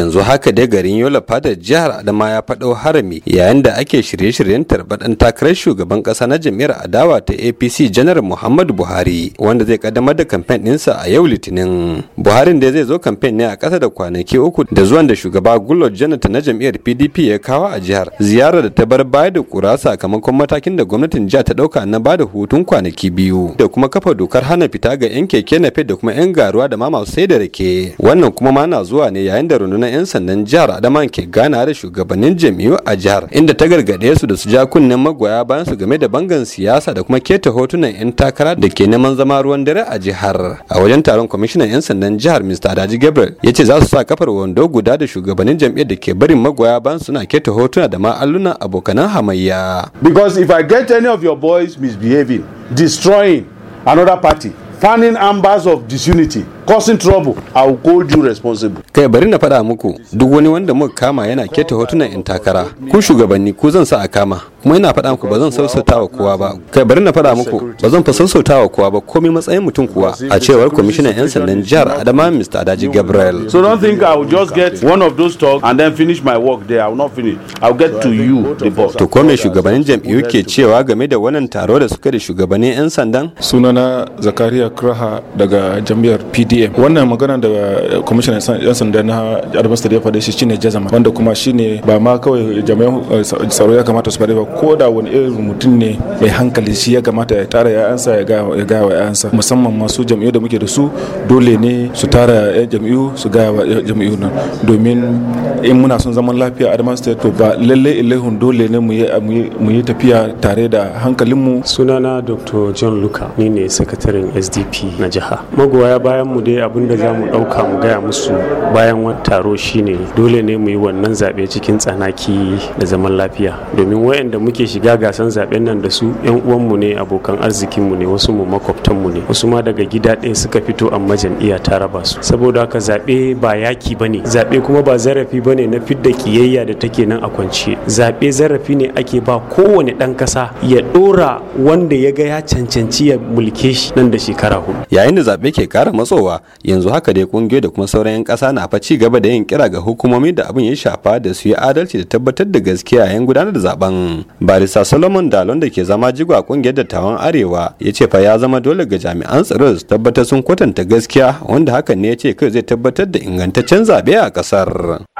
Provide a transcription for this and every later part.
yanzu haka dai garin yola fadar jihar adama ya faɗo harami yayin da ake shirye-shiryen tarbar takarar shugaban ƙasa na jam'iyyar adawa ta apc janar muhammadu buhari wanda zai kaddamar da kamfen ɗinsa a yau litinin Buhari da zai zo kamfen ne a ƙasa da kwanaki uku da zuwan da shugaba goodluck jonathan na jam'iyyar pdp ya kawo a jihar ziyarar da ta bar baya da kura sakamakon matakin da gwamnatin jihar ta ɗauka na ba da hutun kwanaki biyu da kuma kafa dokar hana fita ga 'yan keke na nafe da kuma 'yan garuwa da ma masu sai da rake wannan kuma ma na zuwa ne yayin da rundunar 'yan sandan jihar Adama ke gana da shugabannin jami'u a jihar inda ta gargaɗe su da su ja kunnen magoya bayan su game da bangan siyasa da kuma keta hotunan 'yan takara da ke neman zama ruwan dare a jihar. A wajen taron kwamishinan 'yan sandan jihar Mr. Adaji Gabriel ya ce za su sa kafar wando guda da shugabannin jam'iyyar da ke barin magoya bayan suna keta hotuna da ma allunan abokanan hamayya. Because if I get any of your boys misbehaving, destroying another party, fanning ambers of disunity, causing trouble i will hold you responsible kai bari na fada muku duk wani wanda muka kama yana keta hotunan yan takara ku shugabanni ku zan sa a kama kuma ina faɗa muku ba zan sausauta wa kowa ba kai bari na fada muku ba zan fa sausauta wa kowa ba komai matsayin mutum kuwa a cewar kwamishinan yan sandan jihar adama mr adaji gabriel so don't think i will just get one of those talk and then finish my work there i will not finish i will get to you the boss to kome shugabannin jam'iyyu ke cewa game da wannan taro da suka da shugabannin yan sandan sunana zakaria kraha daga jam'iyyar pda. DPA wannan magana da kwamishinan eh, yan sanda na Adamawa State ya faɗe shi shine jazama wanda kuma shine ba ma kawai jami'an eh, tsaro ya kamata su faɗi ba ko da wani irin mutum ne mai hankali shi ya kamata ya tara ya'yansa ya ga wa ya'yansa musamman masu jam'iyyu da muke da su dole ne su tara ya jam'iyyu su ga wa jam'iyyu nan domin in muna son zaman lafiya a State to ba lalle ilaihun dole ne mu yi tafiya tare da hankalinmu sunana Dr. John Luka ni ne sakataren SDP na jiha magoya bayan mu dai abin da za mu ɗauka mu gaya musu bayan wata taro shine dole ne mu yi wannan zaɓe cikin tsanaki da zaman lafiya domin wayanda muke shiga gasan zaɓen nan da su yan uwanmu ne abokan arzikinmu ne wasu mu makwabtanmu ne wasu ma daga gida ɗaya suka fito amma jam'iyya ta raba su saboda haka zaɓe ba yaki bane zaɓe kuma ba zarafi bane na fidda kiyayya da take nan a kwance zaɓe zarafi ne ake ba kowane ɗan ƙasa ya ɗora wanda ya ga ya cancanci ya mulke shi nan da shekara hudu yayin da zaɓe ke ƙara matsowa cewa yanzu haka dai kungiyoyi da kuma sauran 'yan ƙasa na fa ci gaba da yin kira ga hukumomi da abin ya shafa da su yi adalci da tabbatar da gaskiya yayin gudanar da zaben. Barista Solomon Dalon da ke zama jigo a kungiyar dattawan Arewa ya ce fa ya zama dole ga jami'an tsaro su tabbatar sun kwatanta gaskiya wanda hakan ne ya ce kai zai tabbatar da ingantaccen zaɓe a ƙasar.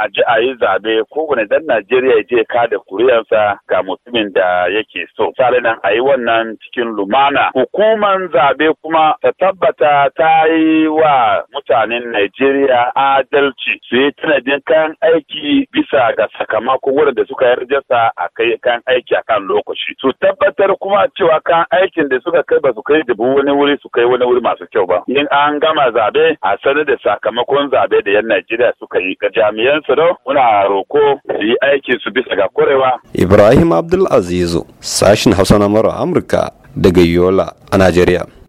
A ji a yi zaɓe kowane ɗan Najeriya ya je ka da kuriyarsa ga mutumin da yake so. Sale nan a wannan cikin lumana. hukumar zaɓe kuma ta tabbata ta yi wa mutanen Najeriya adalci su yi tanadin kayan aiki bisa ga sakamako wurin da suka yarda a kai kayan aiki a kan lokaci. Su tabbatar kuma cewa kayan aikin da suka kai ba su kai dubu wani wuri su kai wani wuri masu kyau ba. In an gama zabe a sanar da sakamakon zabe da yan Najeriya suka yi ga jami'an su don, muna roko su yi aikin su bisa ga kwarewa. Ibrahim Abdul Azizu sashin Hausa na Amurka daga Yola a Najeriya.